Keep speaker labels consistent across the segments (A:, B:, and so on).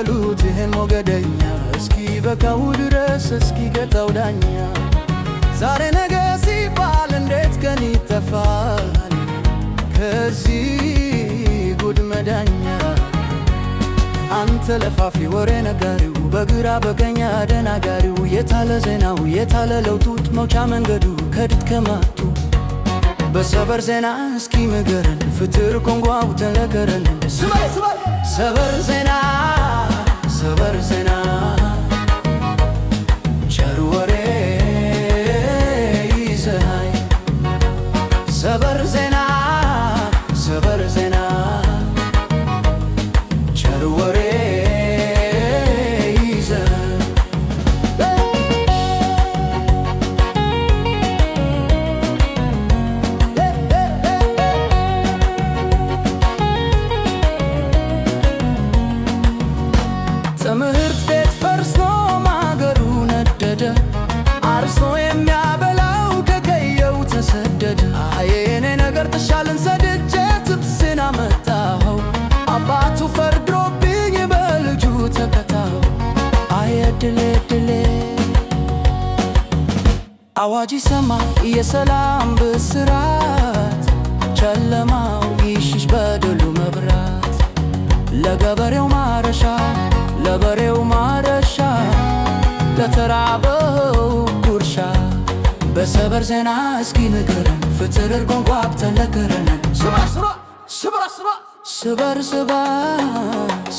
A: በሉት ይህን ሞገደኛ እስኪ በካሁ ድረስ እስኪ ገጠው ዳኛ ዛሬ ነገ ሲባል እንዴት ቀን ይተፋል ከዚህ ጉድ መዳኛ አንተ ለፋፊ ወሬ ነጋሪው በግራ በገኛ አደናጋሪው የታለ ዜናው የታለ ለውጡት መውጫ መንገዱ ከድት ከማቱ በሰበር ዜና እስኪ ምገረን ፍትር ኮንጓው ተለከረን ሰበር ዜና ሰበር ዜና አዋጅ ይሰማ የሰላም ብስራት፣ ጨለማው ይሽሽ በድሉ መብራት፣ ለገበሬው ማረሻ ለበሬው ማረሻ፣ ለተራበው ጉርሻ። በሰበር ዜና እስኪ ንገረን፣ ፍትር እርጎን ጓብተን ለገረነን።
B: ስበር ስበር ስበር
A: ስበር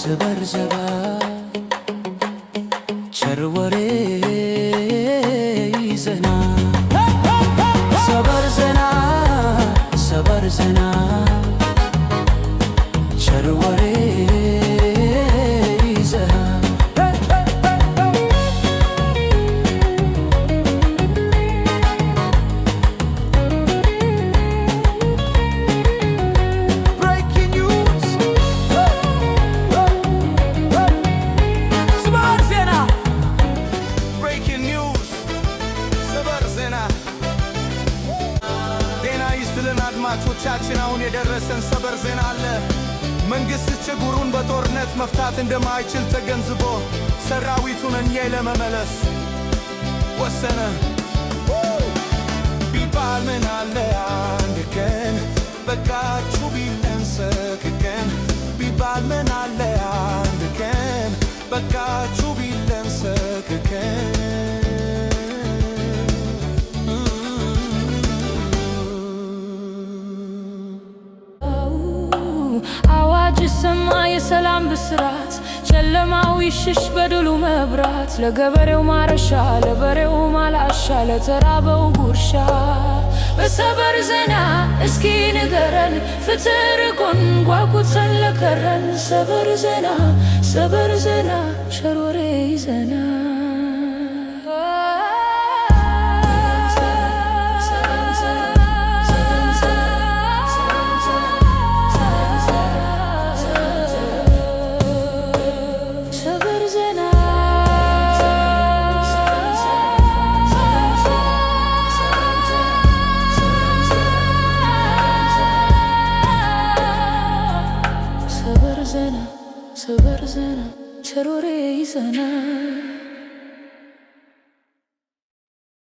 A: ስበር ስበር and ወንድማቾቻችን አሁን የደረሰን ሰበር ዜና አለ። መንግሥት ችግሩን በጦርነት መፍታት እንደማይችል ተገንዝቦ ሰራዊቱን እኛ ለመመለስ ወሰነ። ቢባል ምን አለ አንድ ቀን በቃችሁ ቢለን ሰክቀን ቢባል ምን አለ አንድ ቀን በቃ
C: ተሰማ የሰላም ብስራት፣ ጨለማው ይሽሽ በድሉ መብራት፣ ለገበሬው ማረሻ፣ ለበሬው ማላሻ፣ ለተራበው ጉርሻ። በሰበር ዜና እስኪ ንገረን፣ ፍትህ ርቆን ጓጉተን ለከረን፣ ሰበር ዜና፣ ሰበር ዜና፣ ሸር ወሬ ዘና ስበር ዘና ቸሮሬ ይዘና